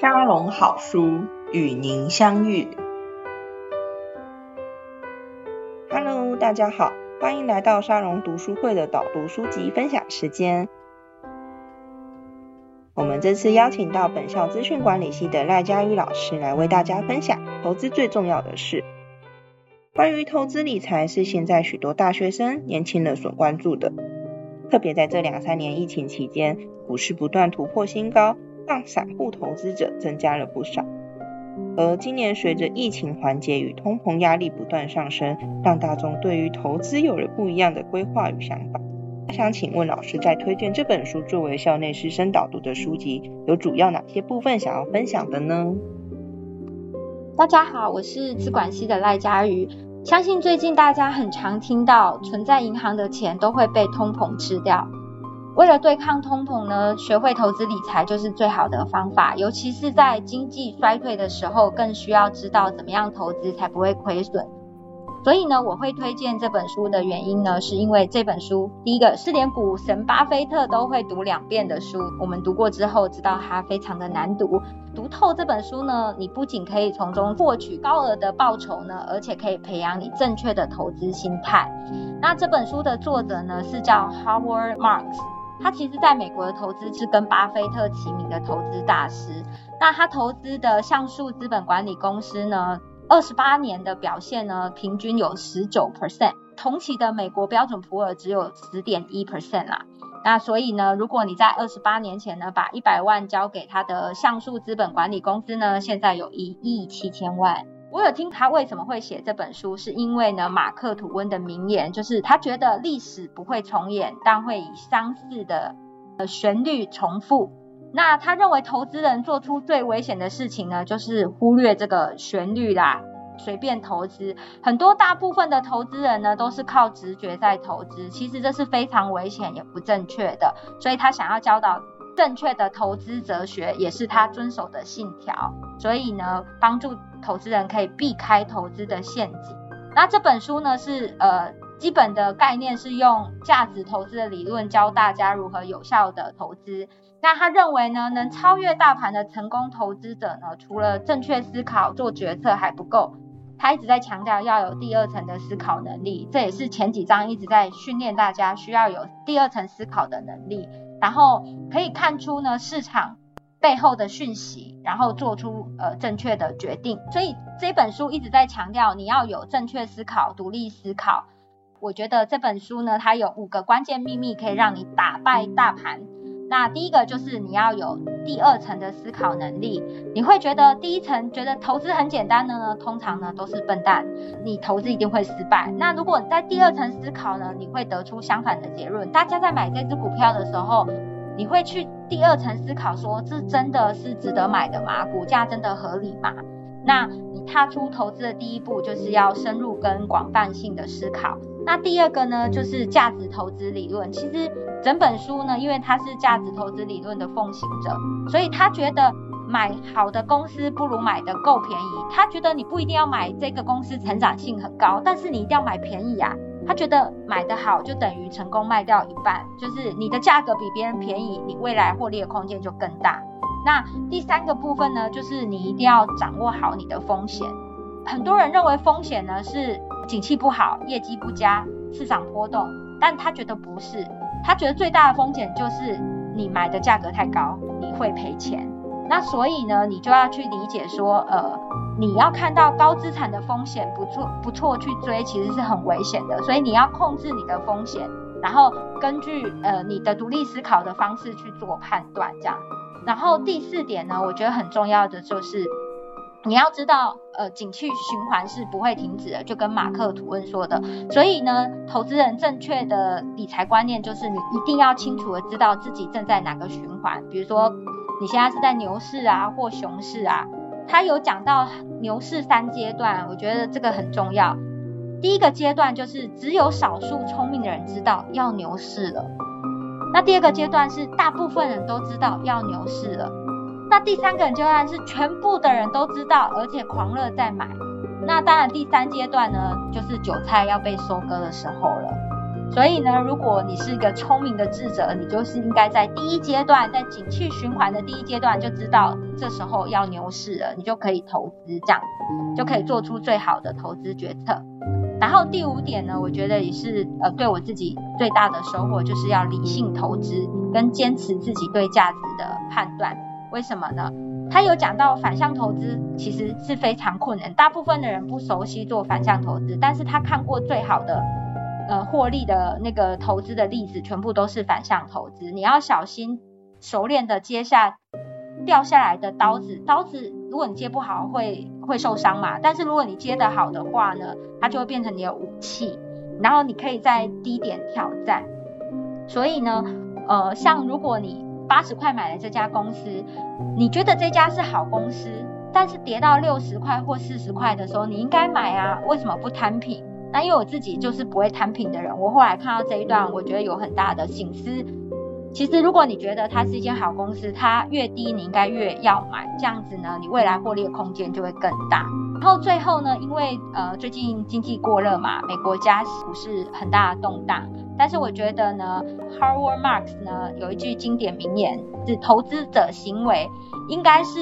沙龍好書與您相遇。Hello，大家好，歡迎來到沙龍讀書會的導讀書籍分享時間。我們這次邀請到本校資訊管理系的賴佳瑜老師來為大家分享《投資最重要的事》。關於投資理財是現在許多大學生、年輕人所關注的，特別在這兩三年疫情期間，股市不斷突破新高。讓散戶投資者增加了不少，而今年隨着疫情緩解與通膨壓力不斷上升，讓大眾對於投資有了不一樣的規劃與想法。想請問老師，在推薦這本書作為校內師生導讀的書籍，有主要哪些部分想要分享的呢？大家好，我是資管系的賴佳瑜，相信最近大家很常聽到，存在銀行的錢都會被通膨吃掉。為了對抗通膨呢，學會投資理財就是最好的方法。尤其是在經濟衰退的時候，更需要知道怎麼樣投資才不會虧損。所以呢，我會推薦這本書的原因呢，是因為這本書第一個是連股神巴菲特都會讀兩遍的書。我們讀過之後，知道它非常的難讀。讀透這本書呢，你不僅可以從中獲取高額的報酬，呢，而且可以培養你正確的投資心態。那這本書的作者呢，是叫 Howard Marks。他其實在美國的投資是跟巴菲特齊名的投資大師。那他投資的橡樹資本管理公司呢，二十八年的表現呢，平均有十九 percent，同期的美國標準普爾只有十點一 percent 啦。那所以呢，如果你在二十八年前呢，把一百萬交給他的橡樹資本管理公司呢，現在有一億七千萬。我有聽他為什麼會寫這本書，是因為呢，馬克吐溫的名言就是他覺得歷史不會重演，但會以相似的呃旋律重複。那他認為投資人做出最危險的事情呢，就是忽略這個旋律啦，隨便投資。很多大部分的投資人呢，都是靠直覺在投資，其實這是非常危險也不正確的。所以他想要教導。正確的投資哲學也是他遵守的信條，所以呢，幫助投資人可以避開投資的陷阱。那這本書呢，是呃基本的概念是用價值投資的理論教大家如何有效的投資。那他認為呢，能超越大盤的成功投資者呢，除了正確思考做決策還不夠，他一直在強調要有第二層的思考能力。這也是前幾章一直在訓練大家需要有第二層思考的能力。然後可以看出呢，市場背後的訊息，然後做出呃正確的決定。所以這本書一直在強調你要有正確思考、獨立思考。我覺得這本書呢，它有五個關鍵秘密，可以讓你打敗大盤。那第一個就是你要有第二層的思考能力，你會覺得第一層覺得投資很簡單的呢，通常呢都是笨蛋，你投資一定會失敗。那如果你在第二層思考呢，你會得出相反的結論。大家在買這只股票的時候，你會去第二層思考說，這真的是值得買的嗎？股價真的合理嗎？那你踏出投資的第一步，就是要深入跟廣泛性的思考。那第二個呢，就是價值投資理論。其實整本書呢，因為他是價值投資理論的奉行者，所以他覺得買好的公司不如買的夠便宜。他覺得你不一定要買這個公司成長性很高，但是你一定要買便宜啊。他覺得買得好就等於成功賣掉一半，就是你的價格比別人便宜，你未來獲利的空間就更大。那第三個部分呢，就是你一定要掌握好你的風險。很多人認為風險呢是景氣不好、業績不佳、市場波動，但他覺得不是，他覺得最大的風險就是你買的價格太高，你會賠錢。那所以呢，你就要去理解說，呃，你要看到高資產的風險不做不錯去追，其實是很危險的。所以你要控制你的風險，然後根據呃你的獨立思考的方式去做判斷，這樣。然後第四點呢，我覺得很重要的就是，你要知道，呃，景氣循環是不會停止的，就跟馬克吐溫說的。所以呢，投資人正確的理財觀念就是，你一定要清楚的知道自己正在哪個循環，比如說你現在是在牛市啊或熊市啊。他有講到牛市三階段，我覺得這個很重要。第一個階段就是只有少數聰明的人知道要牛市了。那第二個階段是大部分人都知道要牛市了，那第三個階段是全部的人都知道，而且狂熱在買。那當然第三階段呢，就是韭菜要被收割的時候了。所以呢，如果你是一個聰明的智者，你就是應該在第一階段，在景氣循環的第一階段就知道這時候要牛市了，你就可以投資這樣，就可以做出最好的投資決策。然後第五點呢，我覺得也是呃對我自己最大的收穫，就是要理性投資跟堅持自己對價值的判斷。為什麼呢？他有講到反向投資其實是非常困難，大部分的人不熟悉做反向投資，但是他看過最好的呃獲利的那個投資的例子，全部都是反向投資。你要小心熟練的接下掉下來的刀子，刀子如果你接不好會。會受傷嘛？但是如果你接得好的話呢，它就會變成你的武器，然後你可以在低點挑戰。所以呢，呃，像如果你八十塊買了這家公司，你覺得這家是好公司，但是跌到六十塊或四十塊的時候，你應該買啊？為什麼不攤平？那因為我自己就是不會攤平的人。我後來看到這一段，我覺得有很大的省思。其實，如果你覺得它是一間好公司，它越低，你應該越要買，這樣子呢，你未來獲利的空間就會更大。然後最後呢，因為呃最近經濟過熱嘛，美國加息股市很大的動盪，但是我覺得呢，Howard Marks 呢有一句經典名言，是投資者行為應該是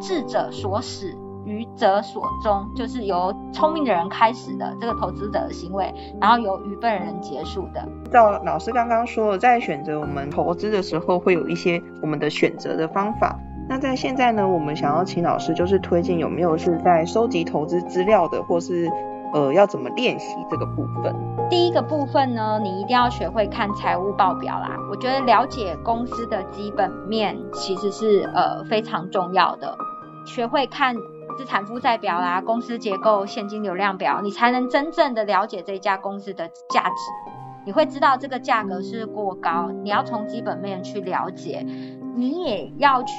智者所使。愚者所終，就是由聰明的人開始的這個投資者的行為，然後由愚笨人結束的。照老師剛剛說，在選擇我們投資的時候，會有一些我們的選擇的方法。那在現在呢，我們想要請老師就是推薦有沒有是在收集投資資料的，或是呃要怎麼練習這個部分？第一個部分呢，你一定要學會看財務報表啦。我覺得了解公司的基本面其實是呃非常重要的，學會看。資產負債表啦、啊，公司結構、現金流量表，你才能真正的了解這家公司的價值。你會知道這個價格是過高，你要從基本面去了解。你也要去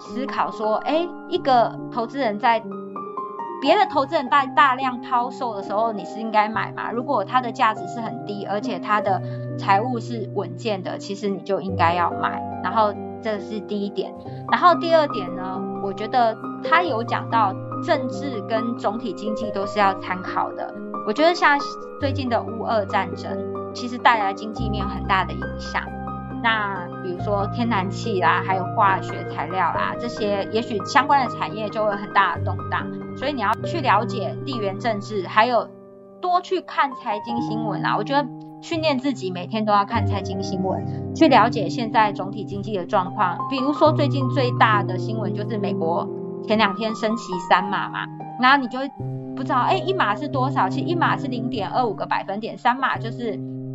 思考說，哎、欸，一個投資人在別的投資人在大量拋售的時候，你是應該買嗎？如果它的價值是很低，而且它的財務是穩健的，其實你就應該要買。然後這是第一點，然後第二點呢？我覺得他有講到政治跟總體經濟都是要參考的。我覺得像最近的烏俄戰爭，其實帶來經濟面有很大的影響。那比如說天然氣啦，還有化學材料啦，這些也許相關的產業就會很大的動盪。所以你要去了解地緣政治，還有多去看財經新聞啊。我覺得。訓練自己每天都要看財經新聞，去了解現在總體經濟的狀況。比如說最近最大的新聞就是美國前兩天升息三碼嘛，那你就不知道哎，一碼是多少？其實一碼是零點二五個百分點，三碼就是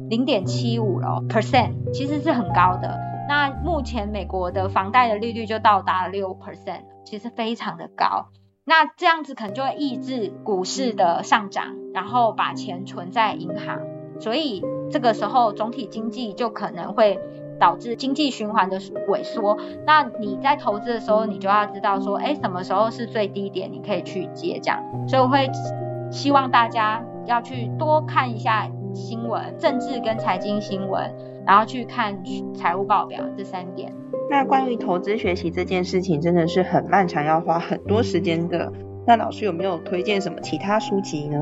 零點七五 percent，其實是很高的。那目前美國的房貸的利率就到達了六 percent，其實非常的高。那這樣子可能就會抑制股市的上漲，然後把錢存在銀行，所以。這個時候，總體經濟就可能會導致經濟循環的萎縮。那你在投資的時候，你就要知道說，哎，什麼時候是最低點，你可以去接，這樣。所以我會希望大家要去多看一下新聞、政治跟財經新聞，然後去看財務報表這三點。那關於投資學習這件事情，真的是很漫長，要花很多時間的。那老師有沒有推薦什麼其他書籍呢？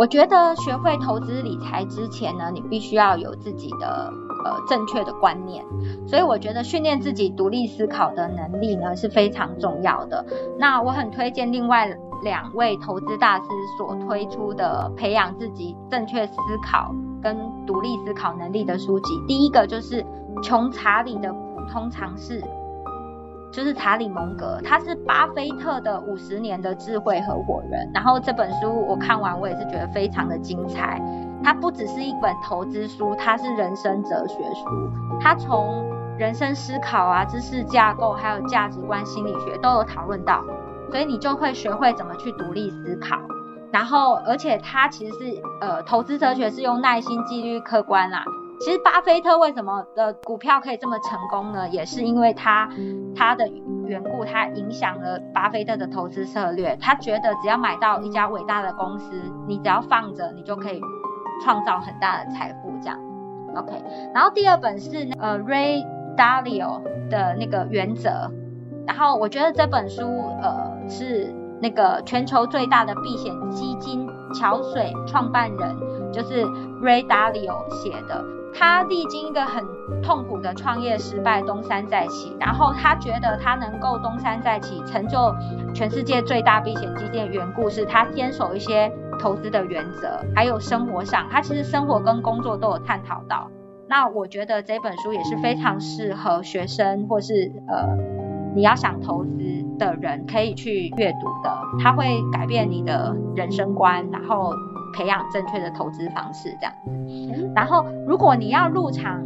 我覺得學會投資理財之前呢，你必須要有自己的呃正確的觀念，所以我覺得訓練自己獨立思考的能力呢是非常重要的。那我很推薦另外兩位投資大師所推出的培養自己正確思考跟獨立思考能力的書籍，第一個就是《窮查理的普通常識》。就是查理蒙格，他是巴菲特的五十年的智慧合夥人。然後這本書我看完，我也是覺得非常的精彩。它不只是一本投資書，它是人生哲學書。它從人生思考啊、知識架構，還有價值觀心理學都有討論到，所以你就會學會怎麼去獨立思考。然後，而且它其實是呃，投資哲學是用耐心、紀律、客觀啦。其實巴菲特為什麼的股票可以這麼成功呢？也是因為他他的緣故，他影響了巴菲特的投資策略。他覺得只要買到一家偉大的公司，你只要放着，你就可以創造很大的財富。這樣，OK。然後第二本是呃 Ray Dalio 的那個原則。然後我覺得這本書呃是那個全球最大的避險基金橋水創辦人就是 Ray Dalio 寫的。他歷經一個很痛苦的創業失敗，東山再起，然後他覺得他能夠東山再起，成就全世界最大避險基金的緣故是他堅守一些投資的原則，還有生活上，他其實生活跟工作都有探討到。那我覺得這本書也是非常適合學生或是呃你要想投資的人可以去閱讀的，他會改變你的人生觀，然後。培養正確的投資方式，這樣然後，如果你要入場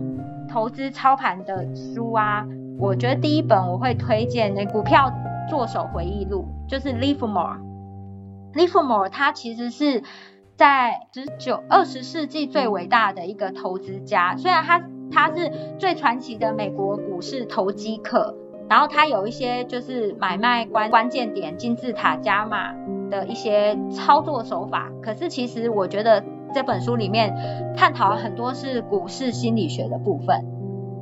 投資操盤的書啊，我覺得第一本我會推薦《那股票作手回憶錄》，就是 Livermore。Livermore 他其實是在十九二十世紀最偉大的一個投資家，雖然他他是最傳奇的美國股市投機客，然後他有一些就是買賣關關鍵點金字塔加碼。的一些操作手法，可是其實我覺得這本書裡面探討了很多是股市心理學的部分，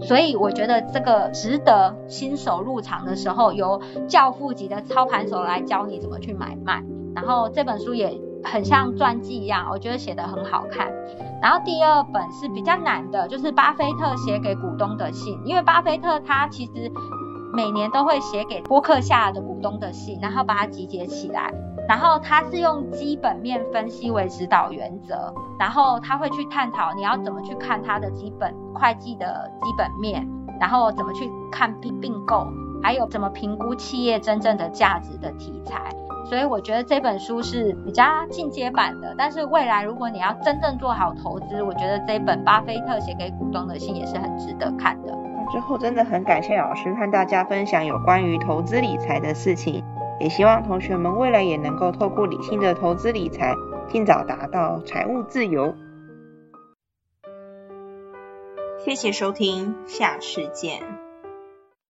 所以我覺得這個值得新手入場的時候由教父級的操盤手來教你怎麼去買賣，然後這本書也很像傳記一樣，我覺得寫得很好看。然後第二本是比較難的，就是巴菲特寫給股東的信，因為巴菲特他其實每年都會寫給波克夏的股東的信，然後把它集結起來。然後他是用基本面分析為指導原則，然後他會去探討你要怎麼去看它的基本會計的基本面，然後怎麼去看併併購，還有怎麼評估企業真正的價值的題材。所以我覺得這本書是比較進階版的，但是未來如果你要真正做好投資，我覺得這本巴菲特寫給股東的信也是很值得看的。那最後，真的很感謝老師和大家分享有關於投資理財的事情。也希望同學們未來也能夠透過理性的投資理財，盡早達到財務自由。謝謝收聽，下次見。